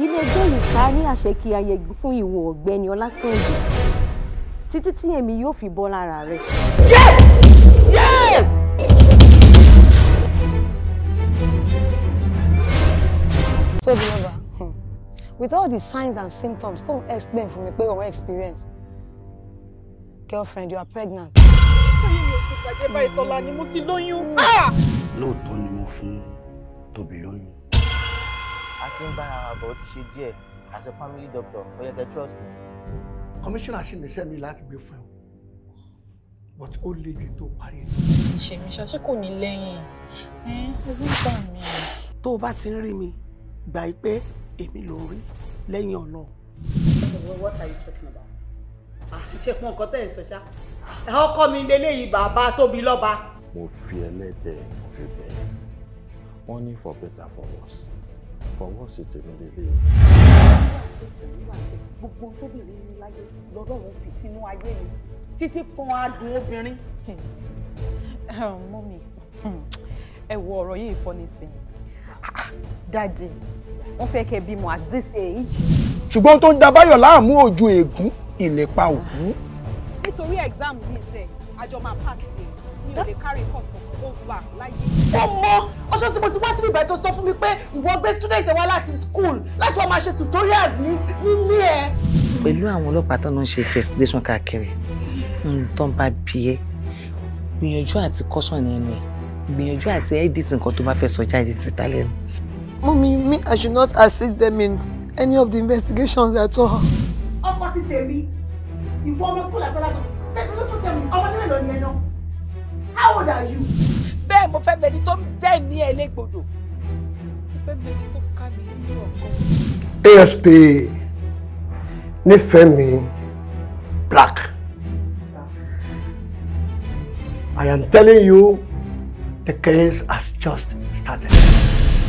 ilé-ẹjọ́ yìí ká ní àṣẹ kí a fún ìwọ ọ̀gbẹ́ni ọlásàǹdé títí tí èmi yóò fi bọ́ lára rẹ̀. Yeah! Yeah! tóbi with all the signs and symptoms don explain fún mi pé experience girlfriend you are pregnant. lóòótọ́ ni mo fún tóbi lóyún a ti ń bára wa bọ̀ ó ti ṣe díẹ̀ as a family doctor ó yẹ kẹ́ trust me. commissioner ṣì ní iṣẹ́ mi láti gbé fún ẹ but ó le ju tó parí ẹ. ìṣèmi ṣaṣẹ́ kò ní lẹ́yìn ogún gbà mí. tó o bá ti ń rí mi gbà í pé èmi ló rí lẹ́yìn ọ̀nà. what are you talking about? ìṣẹ̀kùn ah, ọ̀kan tẹ̀ ń sọ ṣá ọkọ mi lélẹ́yìí bàbá tóbi lọ́ba. mo fi ẹlẹ́dẹ̀ẹ́ mo fi bẹ̀ẹ́ wọ́n ní for better for worse fọwọ́ sí tèmi lélẹ̀. gbogbo tóbìnrin ní láyé lọ́lọ́run fi sínú ayé mi títí kan adùn obìnrin. mọ́mí hmm, ẹ wo ọ̀rọ̀ yìí fọ́ nísìnyí ah, dáàdì wọ́n fẹ́ kẹ́ bímọ at this age. ṣùgbọ́n tó ń da báyọ̀ láàmú ojú ègún ìlépa òkú. nítorí exam yìí sẹ́ àjọ máa pass mi ò lè carry course kò wà láyé. mo mọ ọjọ́ tí mo ti wá síbi ìbàdàn tó sọ fún mi pé ìwọ gbé student wá láti school láti wá máa ṣe tutorials ní nílé ẹ. pẹ̀lú àwọn ọlọ́pàá tó ń ṣe investigation káàkiri tó ń bá bí ẹ gbìyànjú àti caution ní ẹnu ẹ gbìyànjú àti edit nǹkan tó bá fẹ́ sọ jáde síta lẹ́nu. Mommy, me, I should not assist them in any of the investigations at all. ọkọ ti tèmi ìwọ ọmọ school àtàlà tó tẹ ló tún tẹ mi ọmọ nílẹ̀ lọ ni ẹ náà how old are you. bẹ́ẹ̀ mo fẹ́ mẹni tó dẹ́ mi ẹ̀ légbodò mo fẹ́ mẹni tó ká mi nínú ọ̀kan. asp nífẹ̀ẹ́ mi black I am telling you the case has just started.